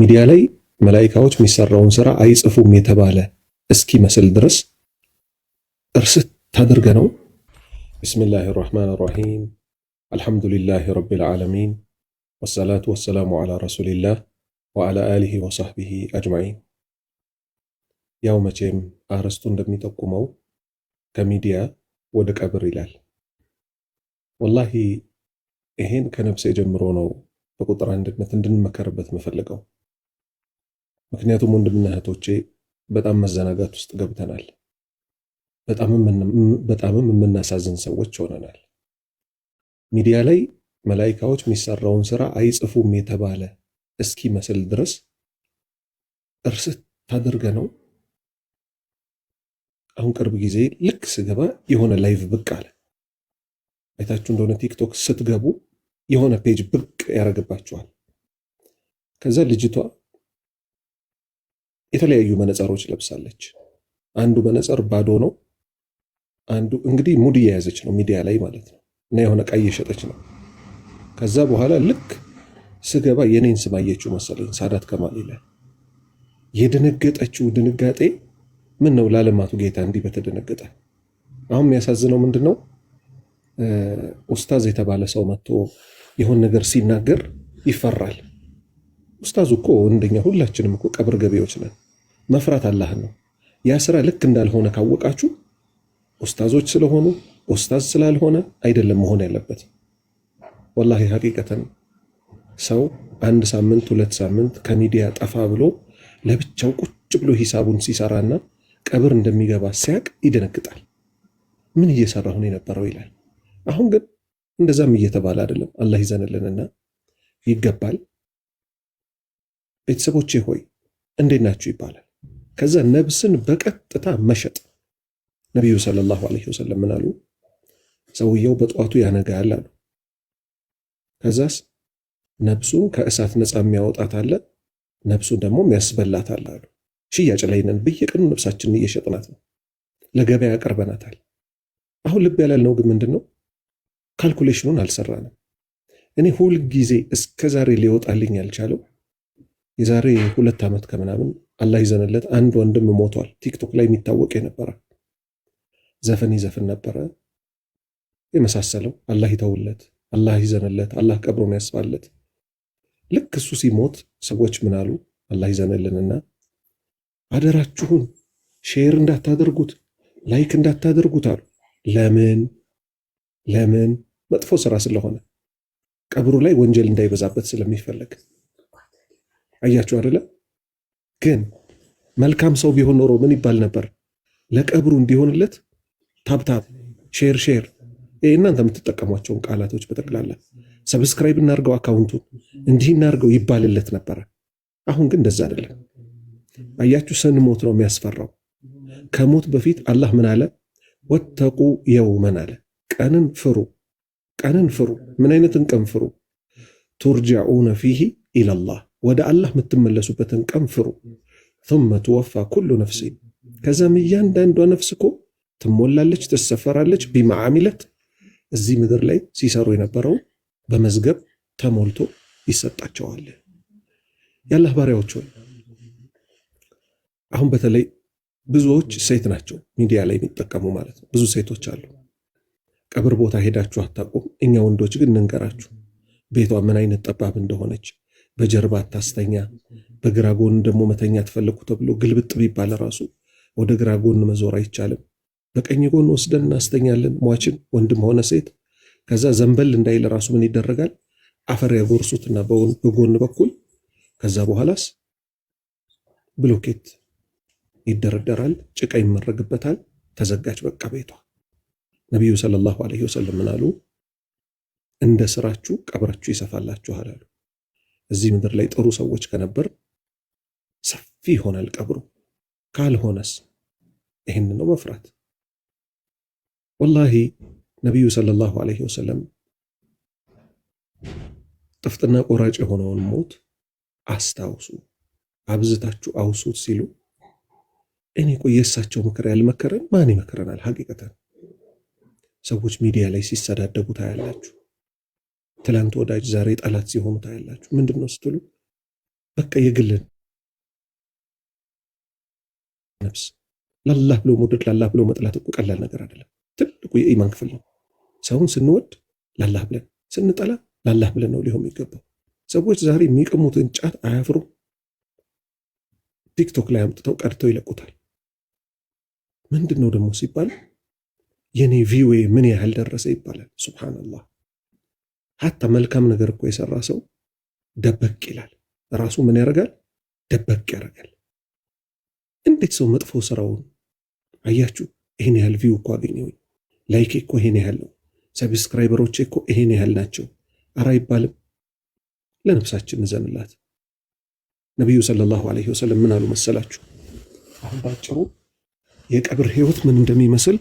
ሚዲያ ላይ መላይካዎች የሚሰራውን ስራ አይጽፉም የተባለ እስኪመስል ድረስ እርስት ታደርገ ነው። ብስሚላህ ራህማን ራሂም አልሐምዱሊላህ ረቢል ዓለሚን ወሰላቱ ወሰላሙ ዓላ ረሱሊላህ ወዓላ አሊሂ ወሳህቢሂ አጅማዒን። ያው መቼም አርዕስቱ እንደሚጠቁመው ከሚዲያ ወደ ቀብር ይላል። ወላሂ ይሄን ከነፍሴ ጀምሮ ነው በቁጥር አንድነት እንድንመከርበት መፈልገው ምክንያቱም ወንድምና እህቶቼ በጣም መዘናጋት ውስጥ ገብተናል። በጣምም የምናሳዝን ሰዎች ሆነናል። ሚዲያ ላይ መላይካዎች የሚሰራውን ስራ አይጽፉም የተባለ እስኪመስል ድረስ እርስ ታደርገ ነው። አሁን ቅርብ ጊዜ ልክ ስገባ የሆነ ላይቭ ብቅ አለ። አይታችሁ እንደሆነ ቲክቶክ ስትገቡ የሆነ ፔጅ ብቅ ያደርግባችኋል። ከዛ ልጅቷ የተለያዩ መነጽሮች ለብሳለች። አንዱ መነጽር ባዶ ነው። አንዱ እንግዲህ ሙድ እየያዘች ነው ሚዲያ ላይ ማለት ነው። እና የሆነ ዕቃ እየሸጠች ነው። ከዛ በኋላ ልክ ስገባ የኔን ስም አየችው መሰለኝ ሳዳት ከማል ይላል። የደነገጠችው ድንጋጤ ምን ነው ላለማቱ ጌታ እንዲህ በተደነገጠ። አሁን የሚያሳዝነው ምንድን ነው ኡስታዝ የተባለ ሰው መጥቶ የሆን ነገር ሲናገር ይፈራል። ኡስታዙ እኮ እንደኛ ሁላችንም እኮ ቀብር ገቢዎች ነን። መፍራት አላህን ነው። ያ ስራ ልክ እንዳልሆነ ካወቃችሁ ኡስታዞች ስለሆኑ ኡስታዝ ስላልሆነ አይደለም መሆን ያለበት። ወላሂ ሀቂቀተን ሰው አንድ ሳምንት ሁለት ሳምንት ከሚዲያ ጠፋ ብሎ ለብቻው ቁጭ ብሎ ሂሳቡን ሲሰራና ቀብር እንደሚገባ ሲያቅ ይደነግጣል። ምን እየሰራሁ ነው የነበረው ይላል። አሁን ግን እንደዛም እየተባለ አይደለም። አላህ ይዘንልንና ይገባል። ቤተሰቦቼ ሆይ እንዴት ናችሁ ይባላል። ከዛ ነብስን በቀጥታ መሸጥ። ነቢዩ ሰለላሁ ዐለይሂ ወሰለም ምን አሉ? ሰውየው በጠዋቱ ያነጋል አሉ። ከዛስ ነብሱን ከእሳት ነፃ የሚያወጣት አለ፣ ነብሱን ደግሞ የሚያስበላት አለ አሉ። ሽያጭ ላይ ነን። በየቀኑ ነብሳችንን እየሸጥናት ነው፣ ለገበያ ያቀርበናታል። አሁን ልብ ያላልነው ግን ምንድን ነው? ካልኩሌሽኑን አልሰራንም። እኔ ሁል ጊዜ እስከ ዛሬ ሊወጣልኝ ያልቻለው የዛሬ ሁለት ዓመት ከምናምን አላህ ይዘንለት አንድ ወንድም ሞቷል። ቲክቶክ ላይ የሚታወቅ የነበረ ዘፈን ይዘፍን ነበረ የመሳሰለው። አላህ ይተውለት፣ አላህ ይዘንለት፣ አላህ ቀብሩን ያስባለት ልክ እሱ ሲሞት ሰዎች ምን አሉ? አላህ ይዘንልንና አደራችሁን ሼር እንዳታደርጉት፣ ላይክ እንዳታደርጉት አሉ። ለምን ለምን? መጥፎ ስራ ስለሆነ ቀብሩ ላይ ወንጀል እንዳይበዛበት ስለሚፈለግ። አያችሁ አደለም ግን መልካም ሰው ቢሆን ኖሮ ምን ይባል ነበር? ለቀብሩ እንዲሆንለት ታብታብ፣ ሼር ሼር፣ እናንተ የምትጠቀሟቸውን ቃላቶች በጠቅላላ ሰብስክራይብ እናርገው፣ አካውንቱን እንዲህ እናርገው ይባልለት ነበረ። አሁን ግን እንደዛ አይደለም። አያችሁ፣ ስንሞት ነው የሚያስፈራው። ከሞት በፊት አላህ ምን አለ? ወተቁ የውመን አለ፣ ቀንን ፍሩ፣ ቀንን ፍሩ። ምን አይነትን ቀን ፍሩ? ቱርጃኡነ ፊሂ ኢለላህ ወደ አላህ የምትመለሱበትን ቀን ፍሩ። ثم ትወፋ ኩሉ ነፍሲ ከዛም እያንዳንዷ ነፍስ እኮ ትሞላለች፣ ትሰፈራለች። ቢማዓሚለት እዚህ ምድር ላይ ሲሰሩ የነበረው በመዝገብ ተሞልቶ ይሰጣቸዋል። የአላህ ባሪያዎች ሆይ አሁን በተለይ ብዙዎች ሴት ናቸው ሚዲያ ላይ የሚጠቀሙ ማለት ነው። ብዙ ሴቶች አሉ። ቀብር ቦታ ሄዳችሁ አታውቁም። እኛ ወንዶች ግን እንንገራችሁ ቤቷ ምን አይነት ጠባብ እንደሆነች በጀርባ አታስተኛ፣ በግራ ጎን ደግሞ መተኛ ፈለግኩ ተብሎ ግልብጥ ቢባል ራሱ ወደ ግራ ጎን መዞር አይቻልም። በቀኝ ጎን ወስደን እናስተኛለን ሟችን ወንድም ሆነ ሴት። ከዛ ዘንበል እንዳይል ራሱ ምን ይደረጋል? አፈር ያጎርሱትና በጎን በኩል ከዛ በኋላስ ብሎኬት ይደረደራል፣ ጭቃ ይመረግበታል። ተዘጋጅ በቃ ቤቷ። ነቢዩ ሰለላሁ ዐለይሂ ወሰለም ምን አሉ? እንደ ስራችሁ ቀብራችሁ ይሰፋላችኋል አሉ። እዚህ ምድር ላይ ጥሩ ሰዎች ከነበር ሰፊ ይሆናል ቀብሩ። ካልሆነስ ይህን ነው መፍራት። ወላሂ ነቢዩ ሰለላሁ ዐለይሂ ወሰለም ጥፍጥና ቆራጭ የሆነውን ሞት አስታውሱ፣ አብዝታችሁ አውሱት ሲሉ እኔ ቆይ የእሳቸው ምክር ያልመከረን ማን ይመክረናል? ሀቂቀተን ሰዎች ሚዲያ ላይ ሲሰዳደቡ ታያላችሁ። ትላንት ወዳጅ ዛሬ ጠላት ሲሆኑ ታያላችሁ። ምንድን ነው ስትሉ በቃ የግልን ነፍስ ላላህ ብሎ መውደድ ላላህ ብሎ መጥላት እኮ ቀላል ነገር አይደለም። ትልቁ የኢማን ክፍል ነው። ሰውን ስንወድ ላላህ ብለን፣ ስንጠላ ላላህ ብለን ነው ሊሆን የሚገባው። ሰዎች ዛሬ የሚቀሙትን ጫት አያፍሩ። ቲክቶክ ላይ አምጥተው ቀድተው ይለቁታል። ምንድን ነው ደግሞ ሲባል የኔ ቪዌ ምን ያህል ደረሰ ይባላል። ሱብሃነላህ ሀታ መልካም ነገር እኮ የሰራ ሰው ደበቅ ይላል። ራሱ ምን ያደርጋል? ደበቅ ያደርጋል። እንዴት ሰው መጥፎ ስራውን አያችሁ? ይህን ያህል ቪው እኮ አገኘሁኝ፣ ላይክ እኮ ይሄን ያህል ነው፣ ሰብስክራይበሮች እኮ ይሄን ያህል ናቸው። አረ አይባልም። ለነፍሳችን እንዘንላት። ነቢዩ ሰለላሁ ዐለይሂ ወሰለም ምን አሉ መሰላችሁ? አሁን ባጭሩ የቀብር ህይወት ምን እንደሚመስል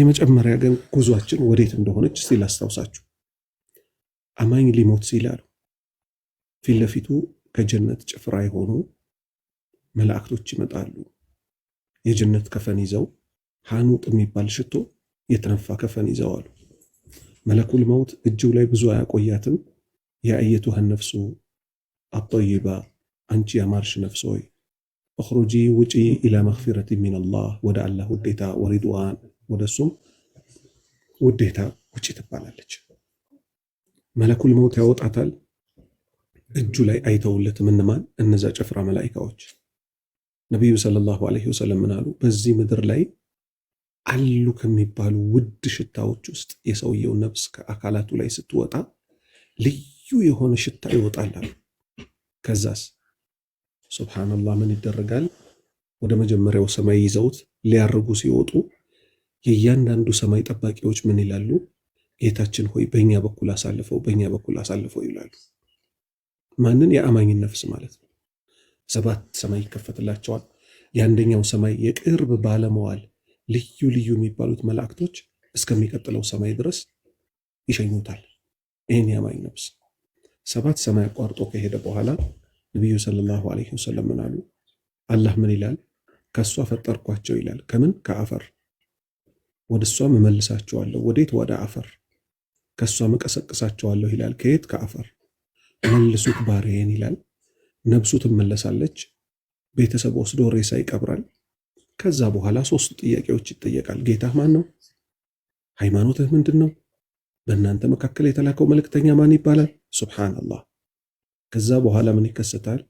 የመጨመሪያ ግን ጉዟችን ወዴት እንደሆነች እስቲ ላስታውሳችሁ። አማኝ ሊሞት ሲል አሉ። ፊት ለፊቱ ከጀነት ጭፍራ የሆኑ መላእክቶች ይመጣሉ። የጀነት ከፈን ይዘው ሐኑጥ የሚባል ሽቶ የተነፋ ከፈን ይዘው አሉ። መለኩል መውት እጁ ላይ ብዙ አያቆያትም። የአየቱሃን ነፍሱ አጠይባ አንቺ ያማርሽ ነፍስ ሆይ እኽሩጂ ውጪ ኢላ መኽፊረት ሚንላህ ወደ አላህ ውዴታ ወሪድዋን ወደ እሱም ውዴታ ውጪ ትባላለች። መለኩል መውት ያወጣታል። እጁ ላይ አይተውለት ምንማን እነዛ ጭፍራ መላይካዎች ነቢዩ ሰለላሁ ዐለይሂ ወሰለም ምን አሉ? በዚህ ምድር ላይ አሉ ከሚባሉ ውድ ሽታዎች ውስጥ የሰውየው ነፍስ ከአካላቱ ላይ ስትወጣ ልዩ የሆነ ሽታ ይወጣል አሉ። ከዛስ ሱብሓነላህ ምን ይደረጋል? ወደ መጀመሪያው ሰማይ ይዘውት ሊያርጉ ሲወጡ የእያንዳንዱ ሰማይ ጠባቂዎች ምን ይላሉ? ጌታችን ሆይ በእኛ በኩል አሳልፈው በእኛ በኩል አሳልፈው ይላሉ። ማንን? የአማኝን ነፍስ ማለት ነው። ሰባት ሰማይ ይከፈትላቸዋል። የአንደኛው ሰማይ የቅርብ ባለመዋል ልዩ ልዩ የሚባሉት መላእክቶች እስከሚቀጥለው ሰማይ ድረስ ይሸኙታል። ይህን የአማኝ ነፍስ ሰባት ሰማይ አቋርጦ ከሄደ በኋላ ነቢዩ ሰለላሁ ዐለይሂ ወሰለም ምን አሉ? አላህ ምን ይላል? ከእሷ ፈጠርኳቸው ይላል። ከምን? ከአፈር ወደ እሷ መመልሳቸዋለሁ። ወዴት? ወደ አፈር ከእሷም እቀሰቅሳቸዋለሁ ይላል። ከየት ከአፈር መልሱት ባሪያዬን ይላል። ነብሱ ትመለሳለች። ቤተሰብ ወስዶ ሬሳ ይቀብራል። ከዛ በኋላ ሶስቱ ጥያቄዎች ይጠየቃል። ጌታህ ማን ነው? ሃይማኖትህ ምንድን ነው? በእናንተ መካከል የተላከው መልእክተኛ ማን ይባላል? ሱብሓነላህ። ከዛ በኋላ ምን ይከሰታል?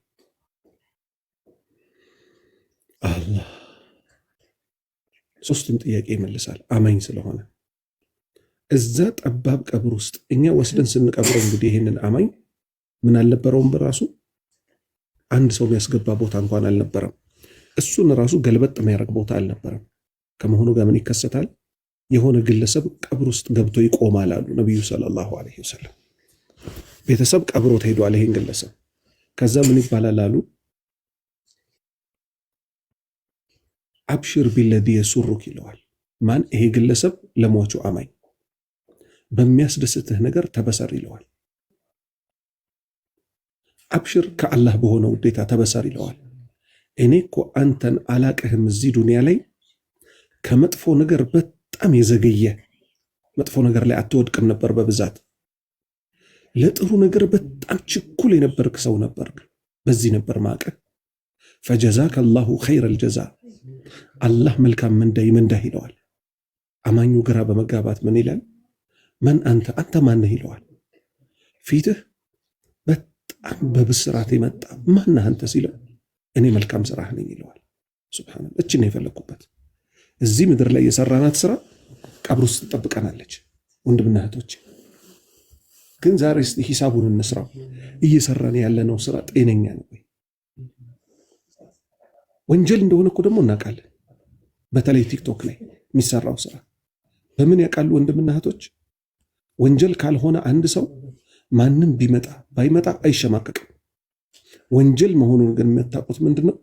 አላህ ሶስቱም ጥያቄ ይመልሳል አማኝ ስለሆነ እዛ ጠባብ ቀብር ውስጥ እኛ ወስደን ስንቀብረው እንግዲህ ይህንን አማኝ ምን አልነበረውም፣ በራሱ አንድ ሰው የሚያስገባ ቦታ እንኳን አልነበረም። እሱን ራሱ ገልበጥ የሚያደርግ ቦታ አልነበረም። ከመሆኑ ጋር ምን ይከሰታል? የሆነ ግለሰብ ቀብር ውስጥ ገብቶ ይቆማል አሉ ነቢዩ ሰለላሁ ዐለይሂ ወሰለም። ቤተሰብ ቀብሮት ሄዷል ይሄን ግለሰብ። ከዛ ምን ይባላል አሉ አብሽር ቢለዲ የሱሩክ ይለዋል። ማን? ይሄ ግለሰብ ለሟቹ አማኝ በሚያስደስትህ ነገር ተበሰር ይለዋል። አብሽር ከአላህ በሆነ ውዴታ ተበሰር ይለዋል። እኔ እኮ አንተን አላቅህም እዚህ ዱንያ ላይ ከመጥፎ ነገር በጣም የዘገየ መጥፎ ነገር ላይ አትወድቅም ነበር በብዛት ለጥሩ ነገር በጣም ችኩል የነበርክ ሰው ነበርክ። በዚህ ነበር ማቀህ። ፈጀዛከ አላሁ ኸይረል አልጀዛ አላህ መልካም ምንዳይ ምንዳህ ይለዋል። አማኙ ግራ በመጋባት ምን ይላል? ማን አንተ አንተ ማነህ ይለዋል። ፊትህ በጣም በብስራት የመጣ ማነህ አንተ ሲለው እኔ መልካም ስራህ ነኝ ይለዋል። ሱብሃንአላህ እችን የፈለግኩበት እዚህ ምድር ላይ የሰራናት ስራ ቀብር ውስጥ ትጠብቀናለች። ወንድምና እህቶች ግን ዛሬ እስቲ ሂሳቡን እንስራው። እየሰራን ያለነው ስራ ጤነኛ ነው ወይ? ወንጀል እንደሆነ እኮ ደግሞ እናውቃለን። በተለይ ቲክቶክ ላይ የሚሰራው ስራ በምን ያውቃሉ ወንድምና እህቶች? ወንጀል ካልሆነ አንድ ሰው ማንም ቢመጣ ባይመጣ አይሸማቀቅም። ወንጀል መሆኑን ግን የምታውቁት ምንድን ነው?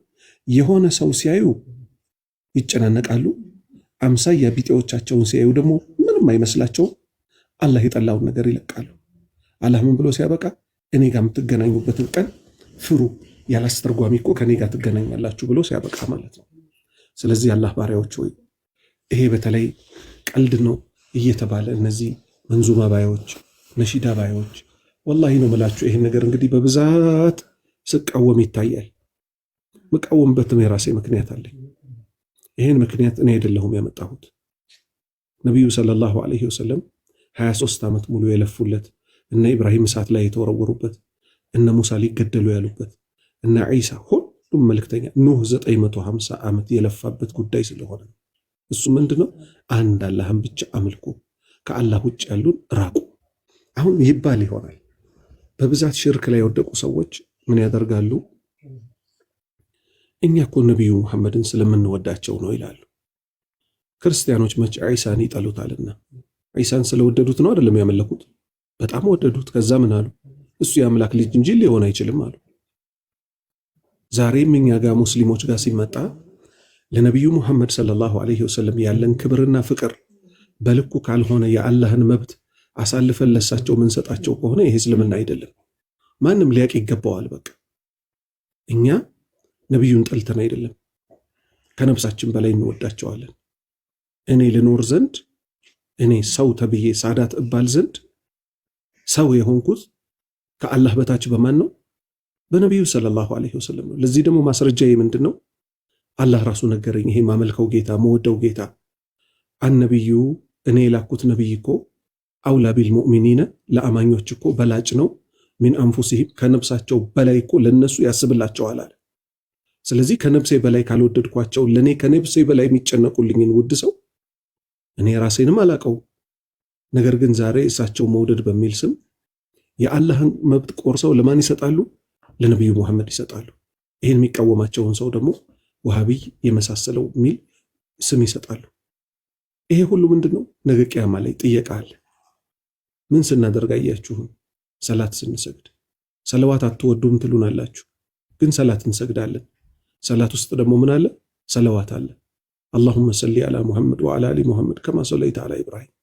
የሆነ ሰው ሲያዩ ይጨናነቃሉ። አምሳያ ቢጤዎቻቸውን ሲያዩ ደግሞ ምንም አይመስላቸውም። አላህ የጠላውን ነገር ይለቃሉ። አላህ ምን ብሎ ሲያበቃ እኔ ጋር የምትገናኙበትን ቀን ፍሩ፣ ያላስተርጓሚ እኮ ከእኔ ጋር ትገናኛላችሁ ብሎ ሲያበቃ ማለት ነው። ስለዚህ አላህ ባሪያዎች ወይ ይሄ በተለይ ቀልድ ነው እየተባለ እነዚህ መንዙማ ባዮች፣ ነሺዳ ባዮች ወላሂ ነው የምላችሁ። ይሄን ነገር እንግዲህ በብዛት ስቃወም ይታያል። ምቃወምበትም የራሴ ምክንያት አለኝ። ይሄን ምክንያት እኔ አይደለሁም ያመጣሁት። ነቢዩ ሰለላሁ ዐለይሂ ወሰለም 23 ዓመት ሙሉ የለፉለት እነ ኢብራሂም እሳት ላይ የተወረወሩበት እነ ሙሳ ሊገደሉ ያሉበት እነ ዒሳ ሁሉም መልክተኛ ኑህ 950 ዓመት የለፋበት ጉዳይ ስለሆነ እሱ ምንድነው አንድ አላህን ብቻ አምልኩ ከአላህ ውጭ ያሉን ራቁ። አሁን ይባል ይሆናል በብዛት ሽርክ ላይ የወደቁ ሰዎች ምን ያደርጋሉ? እኛ እኮ ነቢዩ መሐመድን ስለምንወዳቸው ነው ይላሉ። ክርስቲያኖች መቼ ዒሳን ይጠሉታልና ዒሳን ስለወደዱት ነው አይደለም ያመለኩት፣ በጣም ወደዱት። ከዛ ምን አሉ? እሱ የአምላክ ልጅ እንጂ ሊሆን አይችልም አሉ። ዛሬም እኛ ጋር ሙስሊሞች ጋር ሲመጣ ለነቢዩ ሙሐመድ ሰለላሁ ዐለይሂ ወሰለም ያለን ክብርና ፍቅር በልኩ ካልሆነ የአላህን መብት አሳልፈን ለሳቸው ምንሰጣቸው ከሆነ ይሄ እስልምና አይደለም። ማንም ሊያቅ ይገባዋል። በቃ እኛ ነቢዩን ጠልተን አይደለም፣ ከነፍሳችን በላይ እንወዳቸዋለን። እኔ ልኖር ዘንድ እኔ ሰው ተብዬ ሳዳት እባል ዘንድ ሰው የሆንኩት ከአላህ በታች በማን ነው? በነቢዩ ሰለላሁ ዐለይሂ ወሰለም ነው። ለዚህ ደግሞ ማስረጃ ምንድን ነው? አላህ ራሱ ነገረኝ። ይሄ ማመልከው ጌታ መወደው ጌታ አነቢዩ እኔ የላኩት ነቢይ እኮ አውላ ቢል ሙእሚኒነ ለአማኞች እኮ በላጭ ነው ሚን አንፉሲህም ከነብሳቸው በላይ እኮ ለነሱ ያስብላቸዋል አለ። ስለዚህ ከነብሴ በላይ ካልወደድኳቸው ለእኔ ከነብሴ በላይ የሚጨነቁልኝን ውድ ሰው እኔ ራሴንም አላቀው። ነገር ግን ዛሬ እሳቸው መውደድ በሚል ስም የአላህን መብት ቆርሰው ለማን ይሰጣሉ? ለነቢዩ ሙሐመድ ይሰጣሉ። ይህን የሚቃወማቸውን ሰው ደግሞ ውሃቢይ የመሳሰለው የሚል ስም ይሰጣሉ። ይሄ ሁሉ ምንድን ነው? ነገ ቅያማ ላይ ጥየቃል። ምን ስናደርግ አያችሁን? ሰላት ስንሰግድ ሰለዋት አትወዱም ትሉናላችሁ፣ ግን ሰላት እንሰግዳለን። ሰላት ውስጥ ደግሞ ምን አለ? ሰለዋት አለ። አላሁመ ሰሊ አላ ሙሐመድ ወአላ አሊ ሙሐመድ ከማ ሰለይተ አላ ኢብራሂም